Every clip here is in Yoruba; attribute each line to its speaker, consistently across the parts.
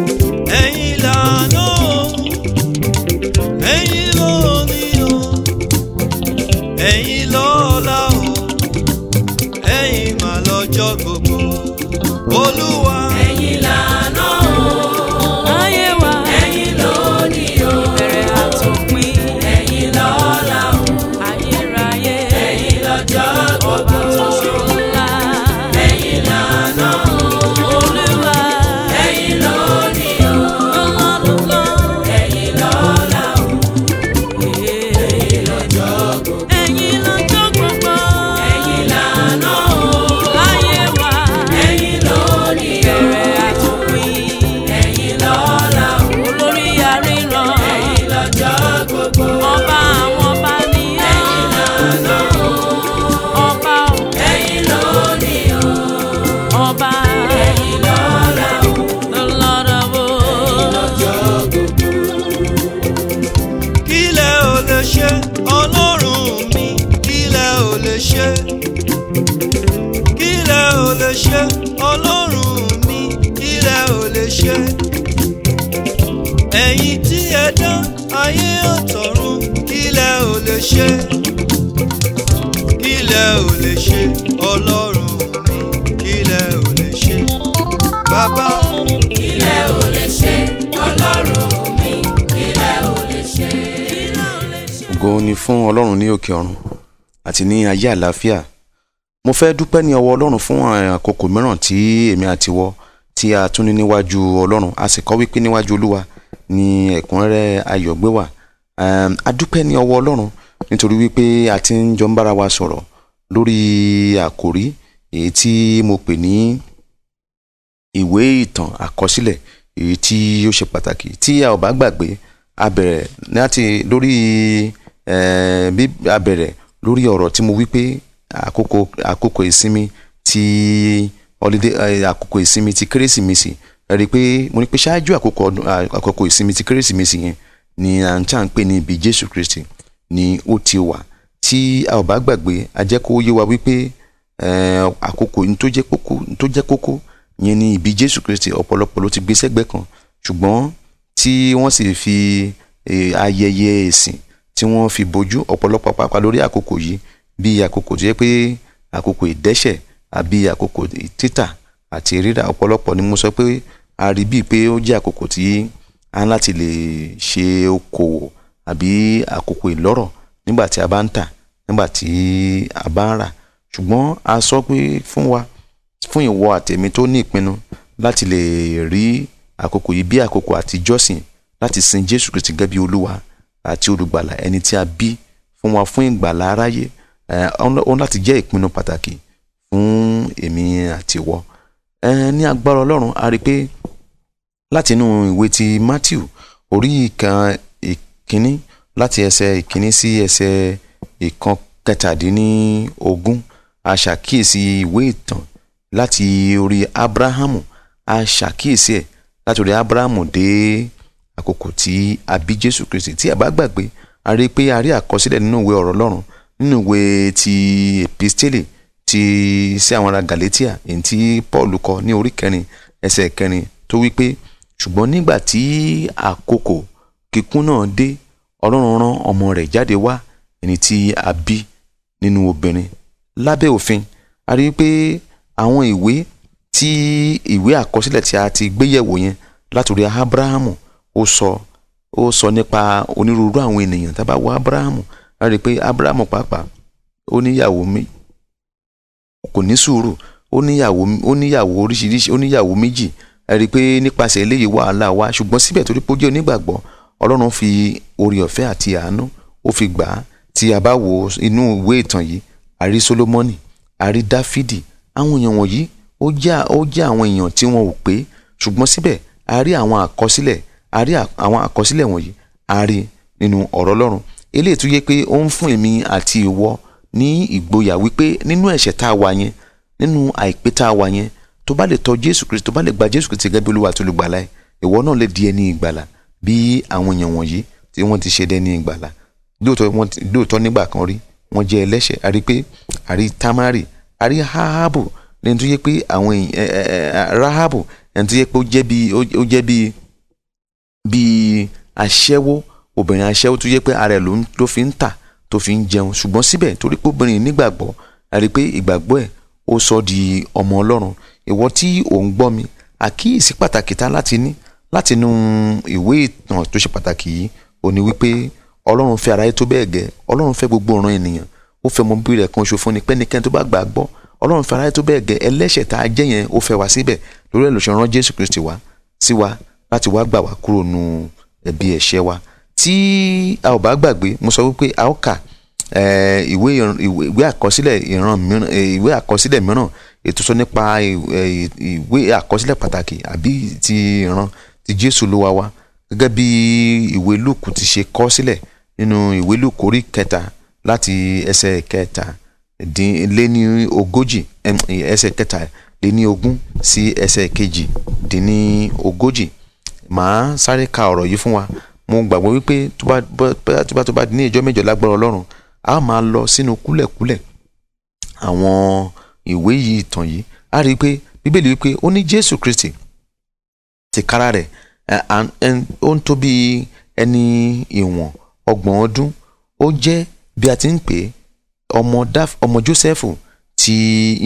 Speaker 1: Thank you. ṣe ẹ̀yin tí ẹ dán ayé ọ̀tọ̀run kílẹ̀ ò lè ṣe kílẹ̀ ò lè ṣe ọlọ́run mi kílẹ̀ ò lè ṣe bàbá. kílẹ̀ ò lè ṣe ọlọ́run mi kílẹ̀
Speaker 2: ò lè ṣe. ògo ni fún ọlọ́run ní òkè ọ̀run àti ní ayé àlàáfíà mo fẹ́ dúpẹ́ ní ọwọ́ ọlọ́run fún àkókò mìíràn tí èmi àti wọ́n tí a tún ní níwájú ọlọ́run a sì kọ́ wípé níwájú olúwa ni ẹ̀kúnrẹ́rẹ́ ayọ̀ gbé wà adúpẹ́ ní ọwọ́ ọlọ́run nítorí wípé a ti ń jọ ń bára wa sọ̀rọ̀ lórí àkòrí èyí tí mo pè ní ìwé ìtàn àkọsílẹ̀ èyí tí ó ṣe pàtàkì tí a ò bá gbàgbé a bẹ̀rẹ̀ láti lórí bí a bẹ̀rẹ̀ lórí ọ̀rọ̀ tí mo wí àkókò ìsinmi tí holiday eh, àkókò ìsinmi ti kérésìmesì ẹ rí i pé mo ní pé ṣáájú àkókò ọdún àkókò ìsinmi ti kérésìmesì yẹn ni à ń tà ń pè ní ibi Jésù Kristi ni ó ti wà tí a ò bá gbàgbé a jẹ́ kó yé wa wípé àkókò ní tó jẹ́ kókó ní tó jẹ́ kókó yẹn ni ìbí Jésù Kristi ọ̀pọ̀lọpọ̀ ló ti gbé sẹ́gbẹ́ kan ṣùgbọ́n tí wọ́n sì fi ayẹyẹ ẹ̀sìn tí wọ́n fi bojú ọ̀pọ̀lọpọ̀ pàápàá lórí àkókò yìí bí àkókò tó yẹ pé àkókò ìdẹ́ṣẹ̀ àbí àkókò títà àti rírà ọ̀pọ̀lọpọ̀ ni mo sọ pé a rí bíi pé ó jẹ́ àkókò tí a ń láti lè ṣe okòwò àbí àkókò ìlọ́rọ̀ nígbà tí a bá ń tà nígbà tí a bá ń rà ṣùgbọ́n a sọ pé fún wa fún ìwọ àtẹ̀mí tó ní ìpinnu láti lè rí àkókò yìí bí àkókò àti láti sin Jésù Kristi gẹ́gẹ́ Olúwa àti olùgbàlà ẹni tí a bí fún wa fún ìgbàlà aráyé ó láti jẹ́ ìpinnu pàtàkì fún èmi àtiwọ ẹ ní agbára ọlọ́run a rí i pé látinú ìwé ti Matthew orí ìkan ìkíní láti ẹsẹ̀ ìkíní sí ẹsẹ̀ ìkan kẹtàdínlógún a ṣàkíyèsí ìwé ìtàn láti orí Abrahamu a ṣàkíyèsí ẹ̀ láti orí Abrahamu dé àkókò tí a bí Jésù Kristi tí a bá gbàgbé a rí i pé a rí àkọsílẹ̀ nínú ìwé ọ̀rọ̀ ọlọ́run nínú ìwé ti epistele ti sí àwọn ará Galatia èyí tí Paul kọ ní orí kẹrin ẹsẹ̀ kẹrin tó wípé ṣùgbọ́n nígbà tí àkókò kíkún náà dé Ọlọ́run rán ọmọ rẹ̀ jáde wá ẹni tí a bí nínú obìnrin lábẹ́ òfin a rí i pé àwọn ìwé tí ìwé àkọsílẹ̀ tí a ti gbé yẹ̀wò yẹn látòrí Abrahamu ó sọ ó sọ nípa onírúurú àwọn ènìyàn tá a Abrahamu a rí pé Abrahamu pàápàá ó níyàwó méjì kò ní sùúrù ó níyàwó ó níyàwó oríṣiríṣi ó níyàwó méjì ẹ rí i pé nípasẹ̀ eléyìí wàhálà wá ṣùgbọ́n síbẹ̀ torí pé ó jẹ́ onígbàgbọ́ ọlọ́run fi oore ọ̀fẹ́ àti àánú ó fi gbà á tí a bá wo inú ìwé ìtàn yìí a rí Sólómọ́nì a rí Dáfídì àwọn èèyàn wọ̀nyí ó jẹ́ àwọn èèyàn tí wọn ò pé ṣùgbọ́n síbẹ̀ a àwọn àkọsílẹ̀ a àwọn àkọsílẹ̀ wọ̀nyí a nínú ọ̀rọ̀ ọlọ́run eléyìí tó yẹ pé ó ń fún èmi àti ìwọ ní ìgboyà wípé nínú ẹ̀ṣẹ̀ tá a wà yẹn nínú àìpé tá a wà yẹn tó bá lè tọ̀ Jésù Kristi tó bá lè gba Jésù Kristi gẹ́gẹ́ bí Olúwa tó lè gbàlà ẹ̀ ìwọ náà lè di ẹni ìgbàlà bí àwọn èèyàn wọ̀nyí tí wọ́n ti ṣe dẹ́ni ìgbàlà lóòótọ́ nígbà kan rí wọ́n jẹ́ ẹlẹ́ṣẹ̀ àrí pé àrí Tamari àrí Ahabu ẹni tó yẹ pé àwọn Rahabu ẹni tó yẹ pé ó jẹ́ bí bí aṣẹ́wó obìnrin aṣẹ́wó tó yẹ pé ara ẹ̀ ló fi ń tà tó fi ń jẹun ṣùgbọ́n síbẹ̀ torí pé obìnrin nígbàgbọ́ àrí pé ìgbàgbọ́ ẹ̀ ó sọ di ọmọ ọlọ́run ìwọ tí ò ń gbọ́ mi àkíyèsí pàtàkì tá láti ní láti nu ìwé ìtàn tó ṣe pàtàkì yìí ò ní wípé ọlọ́run fẹ́ aráyé tó bẹ́ẹ̀ gẹ́ ọlọ́run fẹ́ gbogbo ọ̀ràn ènìyàn ó fẹ́ mọ bí rẹ̀ kan ṣo ni pẹ́nikẹ́ni tó bá gbàgbọ́ ọlọ́run fẹ́ aráyé tó bẹ́ẹ̀ gẹ́ ẹlẹ́ṣẹ̀ tá a jẹ́ yẹn ó fẹ́ wá síbẹ̀ lórí ẹ̀ ló jésù kristi wá sí wa láti wá gbà wá kúrò nu ẹ̀bi ẹ̀ṣẹ̀ wa tí a ò bá gbàgbé mo sọ wípé a ó kà ìwé ìwé àkọsílẹ̀ ìran mìíràn ìwé àkọsílẹ̀ mìíràn ètò sọ nípa ìwé àkọsílẹ̀ pàtàkì àbí ti ìran ti Jésù Olúwa wa gẹ́gẹ́ bí ìwé Lúùkù ti ṣe kọ sílẹ̀ nínú ìwé Lúùkù orí kẹta láti ẹsẹ̀ kẹta dín lé ní ogójì ẹsẹ̀ kẹta lé ní ogún sí ẹsẹ̀ kejì dín ní ogójì màá sáré ka ọ̀rọ̀ yìí fún wa mo gbàgbọ́ wípé tó bá tó bá ní ìjọ mẹ́jọ lágbára ọlọ́run a máa lọ sínú kúlẹ̀kúlẹ̀ àwọn ìwé yìí ìtàn yìí a rí i pé bíbélì wípé ó ní jésù kristi tìkára rẹ̀ ó ń tó bí ẹni ìwọ̀n ọgbọ̀n ọdún ó jẹ́ bí a ti ń pè ọmọ jósẹ́fù tí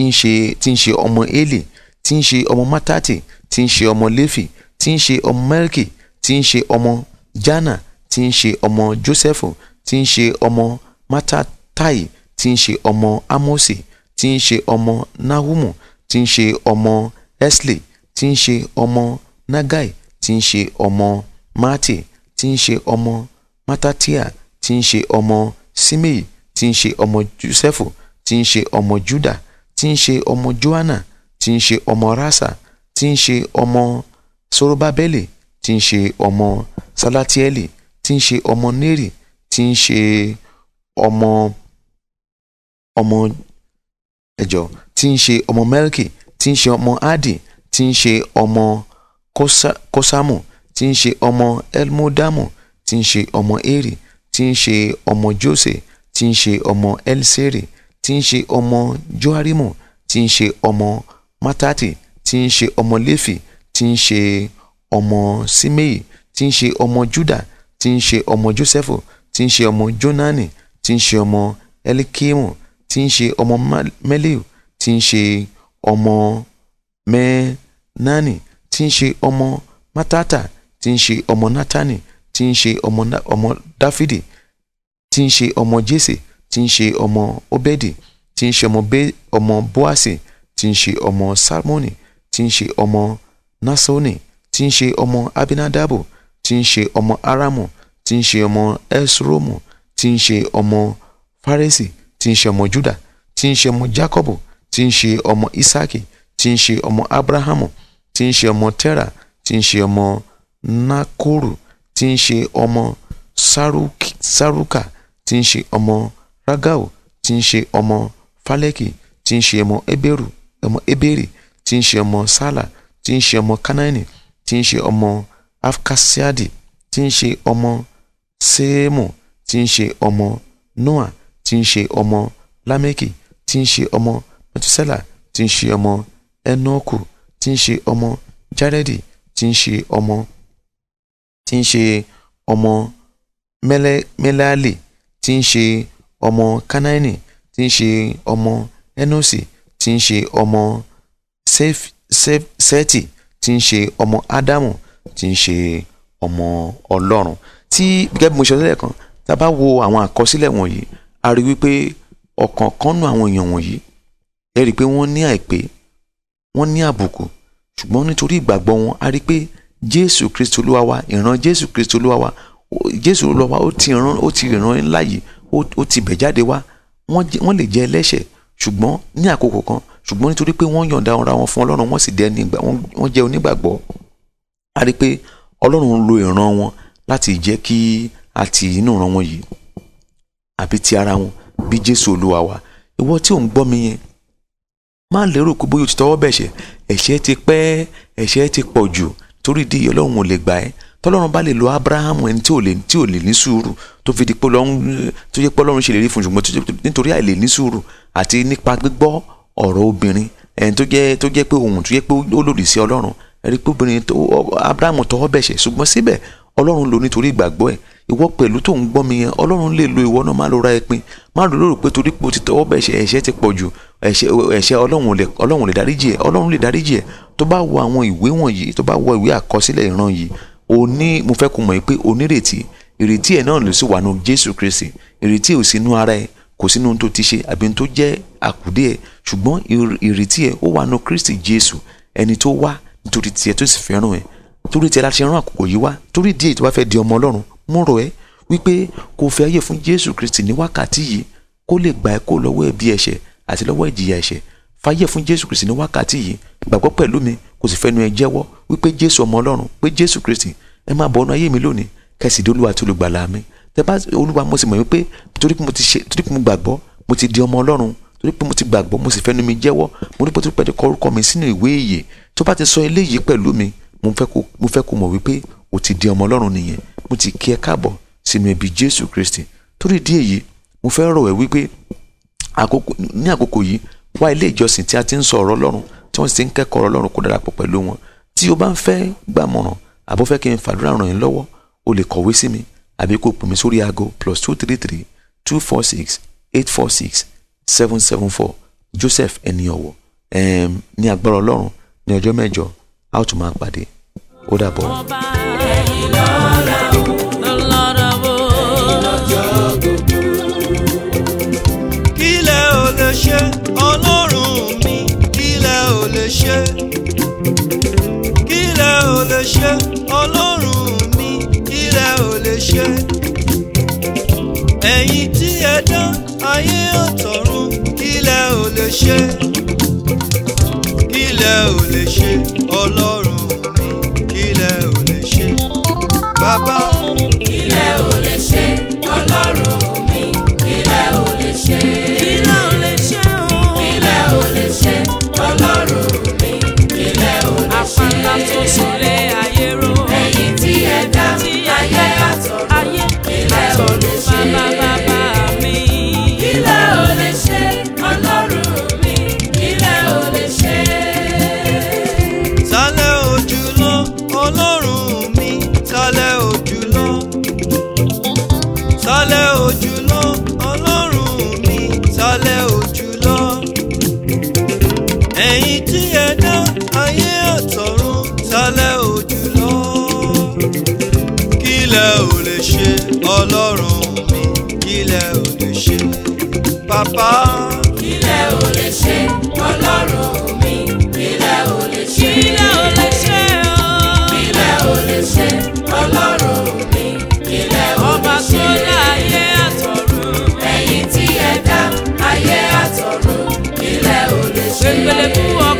Speaker 2: ń ṣe tí ń ṣe ọmọ élì tí ń ṣe ọmọ mátátì tí ń ṣe ọmọ léfì tí ń ṣe ọmọ mẹ́ríkì tí ń ṣe ọmọ Jana tí í ṣe ọmọ Jósẹ́fù tí í ṣe ọmọ Mattatai tí í ṣe ọmọ Amoṣi tí í ṣe ọmọ Nahumu tí í ṣe ọmọ Helṣi tí í ṣe ọmọ Nagai tí í ṣe ọmọ Matti tí í ṣe ọmọ Mattatiah tí í ṣe ọmọ Ṣimei tí í ṣe ọmọ Jósẹ́fù tí í ṣe ọmọ Juda tí í ṣe ọmọ Johanna tí í ṣe ọmọ Rasa tí í ṣe ọmọ Ṣorobabeli tí ń ṣe ọmọ Salatieli tí ń ṣe ọmọ Neri tí ń ṣe ọmọ ọmọ ẹjọ tí ń ṣe ọmọ Melki tí ń ṣe ọmọ Adi tí ń ṣe ọmọ Kosamu tí ń ṣe ọmọ Elmodamu tí ń ṣe ọmọ Eri tí ń ṣe ọmọ Jose tí ń ṣe ọmọ Elseri tí ń ṣe ọmọ Joarimu tí ń ṣe ọmọ Matati tí ń ṣe ọmọ Lefi tí ń ṣe ọmọ ọmọ simei tí ń ṣe ọmọ juda tí ń ṣe ọmọ joseph tí ń ṣe ọmọ jonani tí ń ṣe ọmọ elikimu tí ń ṣe ọmọ meliu tí ń ṣe ọmọ menani tí ń ṣe ọmọ matata tí ń ṣe ọmọ natani tí ń ṣe ọmọ dáfídì tí ń ṣe ọmọ jésè tí ń ṣe ọmọ obedi tí ń ṣe ọmọ boasi tí ń ṣe ọmọ salmoni tí ń ṣe ọmọ nasoni tí ń ṣe ọmọ abinadabo tí ń ṣe ọmọ aramu tí ń ṣe ọmọ esromu tí ń ṣe ọmọ faresi tí ń ṣe ọmọ juda tí ń ṣe ọmọ jacobu tí ń ṣe ọmọ isaki tí ń ṣe ọmọ abrahamu tí ń ṣe ọmọ tera tí ń ṣe ọmọ nakoru tí ń ṣe ọmọ saruka tí ń ṣe ọmọ ragau tí ń ṣe ọmọ faleki tí ń ṣe eberu ọmọ eberi tí ń ṣe ọmọ sala tí ń ṣe ọmọ kanani tí ń ṣe ọmọ afkasiadi tí ń ṣe ọmọ seemu tí ń ṣe ọmọ noah tí ń ṣe ọmọ lameki tí ń ṣe ọmọ metusela tí ń ṣe ọmọ enoku tí ń ṣe ọmọ jaredi tí ń ṣe ọmọ tí ń ṣe ọmọ melali tí ń ṣe ọmọ kanaini tí ń ṣe ọmọ enosi tí ń ṣe ọmọ seti tí ń ṣe ọmọ ádámù tí ń ṣe ọmọ ọlọ́run tí gẹ́gẹ́ bí mo ṣe lẹ́ẹ̀kan tá a bá wo àwọn àkọsílẹ̀ wọ̀nyí a rí wípé ọ̀kan kan nù àwọn èèyàn wọ̀nyí ẹ rí i pé wọ́n ní àìpé wọ́n ní àbùkù ṣùgbọ́n nítorí ìgbàgbọ́ wọn a rí i pé jésù kristu olúwa wa ìran jésù kristu olúwa wa jésù olúwa ó ti ràn ó ti ràn ńlá ó ti bẹ̀ jáde wá wọ́n lè jẹ́ ẹlẹ́ṣẹ̀ ṣùgbọ́n ní àkókò kan ṣùgbọ́n nítorí pé wọ́n yọ̀ǹda ara wọn fún ọlọ́run wọ́n sì dẹ́ wọ́n jẹ́ onígbàgbọ́ a rí i pé ọlọ́run lo ìran wọn láti jẹ́ kí a ti inú ìran wọn yìí àbí ti ara wọn bí jésù olúwa wa ìwọ tí ò ń gbọ́ mi yẹn má lérò pé bóyá o ti tọwọ́ bẹ̀ṣẹ̀ ẹ̀ṣẹ̀ ti pẹ́ ẹ̀ṣẹ̀ ti pọ̀ jù torí ìdí ọlọ́run ò lè gbà ẹ́ tọ́lọ́run bá lè lo abraham ẹni tí ò lè tí ò lè ní sùúrù tó fi di pé ọlọ́run tó yẹ pé ọlọ́run ṣèlérí fún ṣùgbọ́n nítorí àìlè ní sùúrù àti nípa gbígbọ́ ọ̀rọ̀ obìnrin ẹni tó jẹ́ tó jẹ́ pé ohun tó jẹ́ pé ó lòdì sí ọlọ́run ẹni pé obìnrin tó abrahamu tọwọ́ bẹ̀ṣẹ̀ ṣùgbọ́n síbẹ̀ ọlọ́run lò nítorí ìgbàgbọ́ ẹ̀ ìwọ pẹ̀lú tó ń gbọ́ mi yẹn ọlọ́run lè lo ìwọ náà má lo ra ẹpin má lo lórí pé torí pé o ti tọwọ́ bẹ̀ṣẹ̀ ẹ̀ṣẹ̀ ti pọ̀ jù ẹ̀ṣẹ̀ ọlọ́run lè dáríjì ẹ̀ ọlọ́run lè dáríjì ẹ̀ tó bá wo àwọn ìwé wọ̀nyí tó bá wo ìwé àkọsílẹ̀ ìran yìí o ní mo fẹ́ kó mọ̀ pé o nírètí ìrètí ẹ̀ náà ló sì wà nù Jésù Kristi ìrètí ò sínú ara ẹ̀ kò sínú tó ti ṣe àbí tó jẹ́ àkùdé ẹ̀ ṣùgbọ́n ìrètí ẹ ó wà nù Kristi Jésù ẹni tó wá nítorí tiẹ̀ tó sì fẹ́ràn ẹ torí tiẹ̀ láti rán àkókò yìí wá torí díẹ̀ tó bá fẹ́ di ọmọ Ọlọ́run mú rọ̀ ẹ́ wípé kò fi ayé fún Jésù Kristi ní wákàtí yìí kó lè gbà ẹ́ kó lọ́wọ́ ẹ̀bi ẹ̀ṣẹ̀ àti lọ́wọ́ ìjìyà ẹ̀ṣẹ̀ fàyè fún Jésù Kristi ní wákàtí yìí gbàgbọ́ pẹ̀lú mi kò sì fẹ́nu ẹ jẹ́wọ́ wípé Jésù ọmọ Ọlọ́run pé Jésù Kristi ẹ máa bọ̀ ayé mi lónìí kẹsì dé Olúwa tó lùgbàlà mi tẹ bá Olúwa mo sì mọ̀ wípé torí pé mo gbàgbọ́ mo ti di ọmọ Ọlọ́run torí pé mo ti gbàgbọ́ mo sì fẹ́nu mi jẹ́wọ́ mo ní pé tó pẹ́ kọ orúkọ mi sínú ìwé ìyè tó bá ti sọ eléyìí pẹ̀lú mi mo fẹ́ kó mọ̀ wípé o ti di ọmọ ọlọ́run nìyẹn mo ti kí ẹ káàbọ̀ sínú ẹbí jésù kristi torí ìdí èyí mo fẹ́ rọ̀ ẹ́ wípé ní àkókò yìí wá ilé ìjọsìn tí a ti ń sọ ọ̀rọ̀ ọlọ́run tí wọ́n sì ń kẹ́kọ̀ọ́ ọ̀rọ̀ ọlọ́run kó darapọ̀ pẹ̀lú wọn tí o bá ń fẹ́ gbàmọ̀ràn àbó fẹ́ kí n fàdúrà ràn yín lọ́wọ́ o lè kọ̀wé sí mi àbí kó pè mí sórí aago plus two three three two four six eight four six seven seven four Joseph ẹni ọ̀wọ̀ um, ní agbára Ọlọ́run ní ọjọ́ mẹ́jọ a ó tún máa pàdé ó dàbọ̀. ọba
Speaker 1: tí ẹ dán ayé ọ̀tọ̀run ṣe kílẹ̀ ò lè ṣe ọlọ́run mi kílẹ̀ ò lè ṣe bàbá. kílẹ̀ ò lè ṣe bàbá. kílẹ̀ ò lè ṣe ọlọ́run mi kílẹ̀ ò lè ṣe. kílẹ̀ ò lè ṣe o. Oh. kílẹ̀ ò lè ṣe ọlọ́run mi kílẹ̀ ò lè ṣe. ọba tó dá ayé àtọ̀run. ẹ̀yin tí ẹ dá ayé àtọ̀run kílẹ̀ ò lè ṣe. pépélé fún ọ.